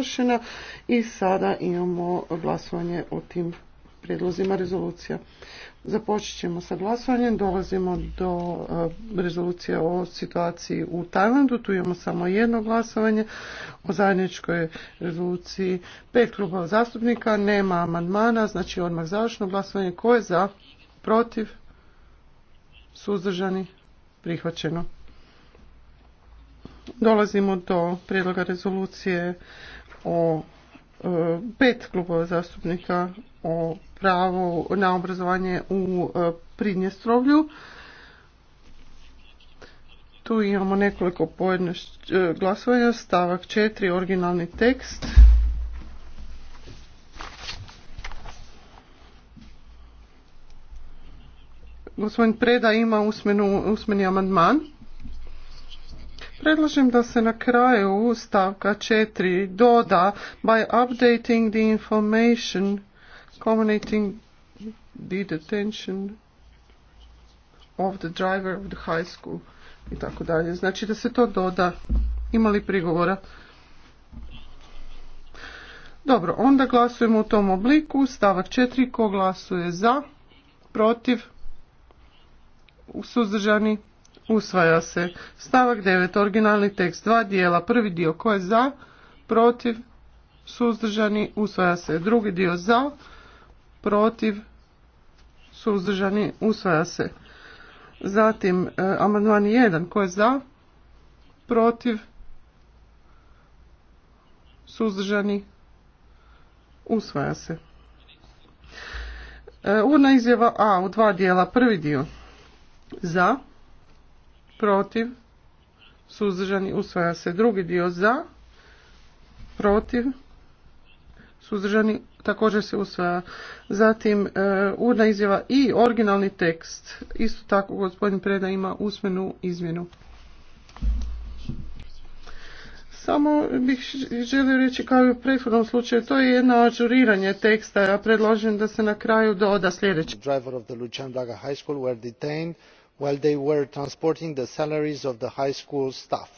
završena i sada imamo glasovanje o tim prijedlozima rezolucija. Započet ćemo sa glasovanjem. Dolazimo do eh, rezolucije o situaciji u Tajlandu. Tu imamo samo jedno glasovanje o zajedničkoj rezoluciji pet klubova zastupnika. Nema amandmana, znači odmah završno glasovanje. Ko je za? Protiv? Suzdržani? Prihvaćeno. Dolazimo do prijedloga rezolucije o e, pet klubova zastupnika o pravu na obrazovanje u e, Pridnjestrovlju. Tu imamo nekoliko e, glasovanja, stavak četiri, originalni tekst. Gospodin Preda ima usmeni amandman. Predlažem da se na kraju stavka 4 doda by updating the information communicating the detention of the driver of the high school i tako dalje. Znači da se to doda. Ima li prigovora? Dobro, onda glasujemo u tom obliku. Stavak 4. Ko glasuje za? Protiv? Suzdržani? usvaja se. Stavak 9. Originalni tekst, dva dijela, prvi dio ko je za, protiv, suzdržani, usvaja se. Drugi dio za, protiv, suzdržani, usvaja se. Zatim, e, amandman 1, ko je za, protiv, suzdržani, usvaja se. E, Urna izjava A u dva dijela, prvi dio za, protiv, suzdržani, usvaja se. Drugi dio za, protiv, suzdržani, također se usvaja. Zatim, e, urna izjava i originalni tekst. Isto tako, gospodin Preda ima usmenu izmjenu. Samo bih želio reći kao i u prethodnom slučaju, to je jedno ažuriranje teksta. Ja predložim da se na kraju doda sljedeće. Driver of the High School were detained while they were transporting the salaries of the high school staff.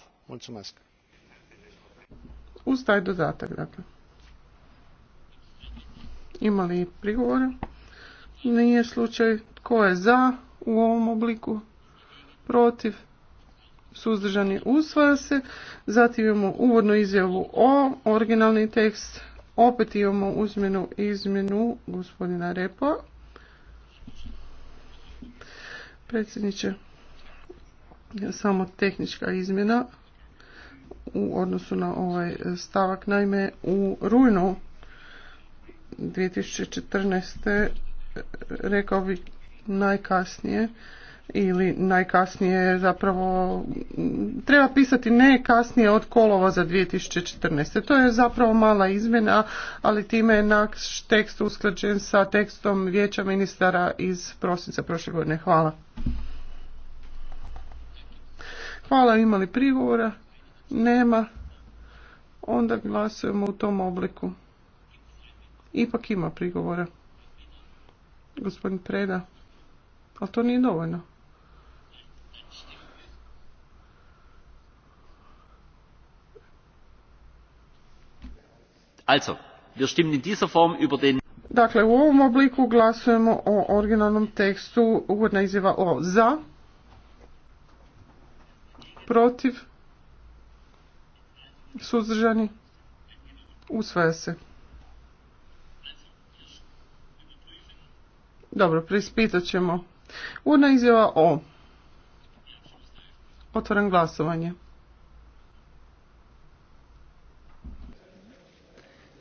Uz taj dodatak, dakle. Ima li prigovora? Nije slučaj. Tko je za u ovom obliku? Protiv? Suzdržani usvaja se. Zatim imamo uvodnu izjavu o originalni tekst. Opet imamo uzmjenu izmjenu gospodina Repa predsjedniče. Samo tehnička izmjena u odnosu na ovaj stavak. Naime, u rujnu 2014. rekao bih najkasnije ili najkasnije zapravo treba pisati ne kasnije od kolova za 2014. To je zapravo mala izmjena, ali time je naš tekst usklađen sa tekstom Vijeća ministara iz prosinca prošle godine. Hvala. Hvala, imali prigovora? Nema. Onda glasujemo u tom obliku. Ipak ima prigovora. Gospodin Preda. Ali to nije dovoljno. Also, wir stimmen in Form Dakle, u ovom obliku glasujemo o originalnom tekstu uvodna izjava o za, protiv, suzdržani, usvaja se. Dobro, prispitat ćemo. Urna izjava O. Otvoren glasovanje.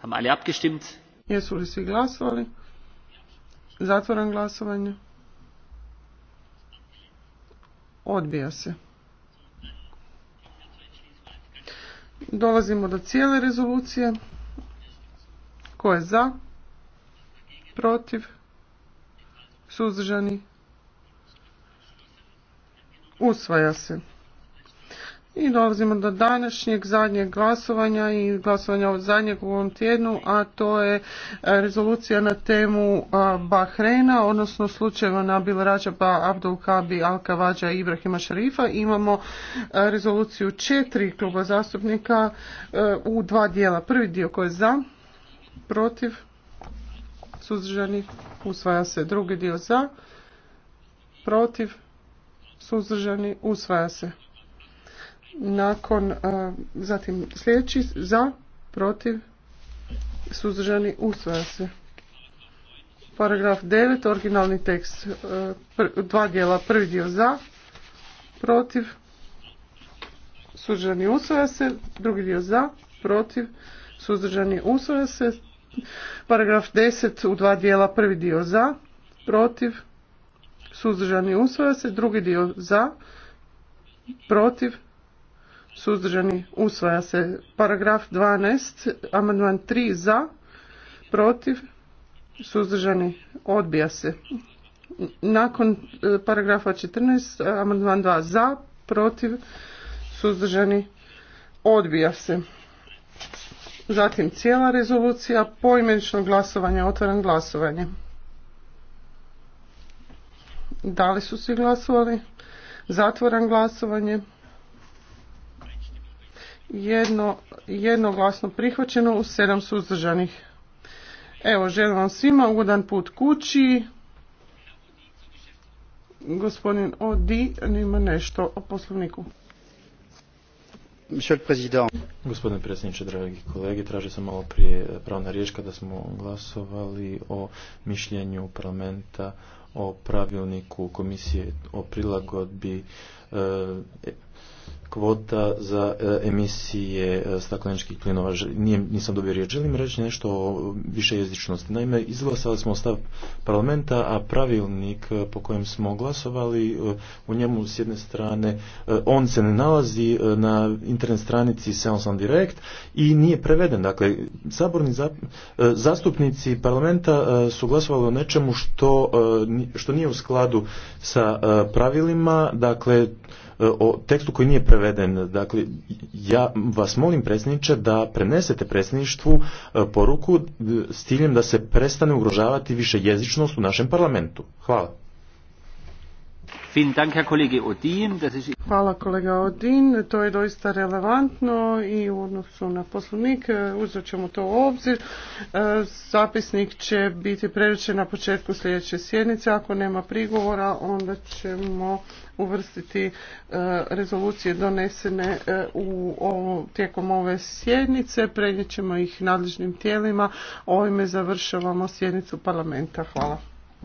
Haben alle abgestimmt? Jesu li svi glasovali? Zatvoren glasovanje. Odbija se. Dolazimo do cijele rezolucije. Ko je za? Protiv? Suzdržani? Usvaja se. I dolazimo do današnjeg zadnjeg glasovanja i glasovanja od zadnjeg u ovom tjednu, a to je e, rezolucija na temu e, Bahrena, odnosno slučajeva na Rajaba, Abdul Kabi, al i Ibrahima Šarifa. Imamo e, rezoluciju četiri kluba zastupnika u dva dijela. Prvi dio koji je za, protiv, suzdržani, usvaja se. Drugi dio za, protiv, suzdržani, usvaja se. Nakon, e, zatim sljedeći za, protiv, suzdržani, usvaja se. Paragraf 9, originalni tekst, e, dva dijela, prvi dio za, protiv, suzdržani, usvaja se, drugi dio za, protiv, suzdržani, usvaja se. Paragraf 10 u dva dijela, prvi dio za, protiv, suzdržani, usvaja se, drugi dio za, protiv, suzdržani, usvaja se. Paragraf 12, amandman 3 za, protiv, suzdržani, odbija se. Nakon e, paragrafa 14, amandman 2 za, protiv, suzdržani, odbija se. Zatim cijela rezolucija, poimenično glasovanje, otvoren glasovanje. Da li su svi glasovali? Zatvoran glasovanje jedno, jednoglasno prihvaćeno u sedam suzdržanih. Evo, želim vam svima ugodan put kući. Gospodin Odi ima nešto o poslovniku. Gospodine predsjedniče, dragi kolege, tražio sam malo prije pravna riječ da smo glasovali o mišljenju parlamenta o pravilniku komisije o prilagodbi e, kvota za e, emisije e, stakleničkih plinova. Nije, nisam dobio riječ. Želim reći nešto o više jezičnosti. Naime, izglasali smo stav parlamenta, a pravilnik e, po kojem smo glasovali, u njemu s jedne strane, on se ne nalazi na internet stranici Seance Direct i nije preveden. Dakle, saborni zastupnici parlamenta su glasovali o nečemu što, što nije u skladu sa pravilima, dakle, o tekstu koji nije preveden preveden. Dakle, ja vas molim predsjedniče da prenesete predsjedništvu e, poruku e, s ciljem da se prestane ugrožavati više jezičnost u našem parlamentu. Hvala. Hvala kolega Odin, to je doista relevantno i u odnosu na poslovnik e, uzet ćemo to u obzir. E, zapisnik će biti preručen na početku sljedeće sjednice, ako nema prigovora onda ćemo uvrstiti e, rezolucije donesene tijekom ove sjednice, prenijet ćemo ih nadležnim tijelima, ovime završavamo sjednicu parlamenta. Hvala.